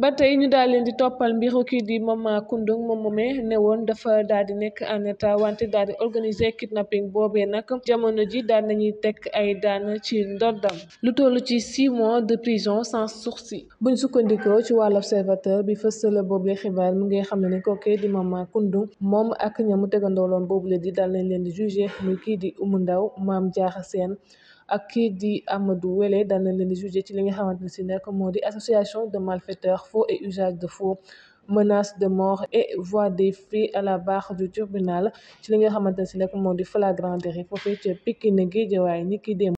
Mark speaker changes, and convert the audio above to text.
Speaker 1: ba tey ñu daal leen di toppal mbiru kii di Mama Kundung moom moomee ne woon dafa daal di nekk en wante daal di organiser kidnapping boobee nag jamono ji daal nañuy teg ay daan ci ndoddam lu toll ci six mois de prison sans sursis buñ sukkandikoo ci wàllu observateur bi fësala boobu xibaar mu ngi xam ne ne kookee di Mama Kundung moom ak ñamu tegandooloon boobule di daal nañ leen di jugé muy kii di Umu Ndaw Maam Jaaxa Seen ak kii di Amadou Wele dana leen jugé ci li nga xamante ne si nekk moo di association de malfaiteurs faux et usage de faux menace de mort et voie des flics à la barre du tribunal ci li nga xamante ne si nekk moo di flagrant délit foofee ca Pikine Guédiawaye ni ki démb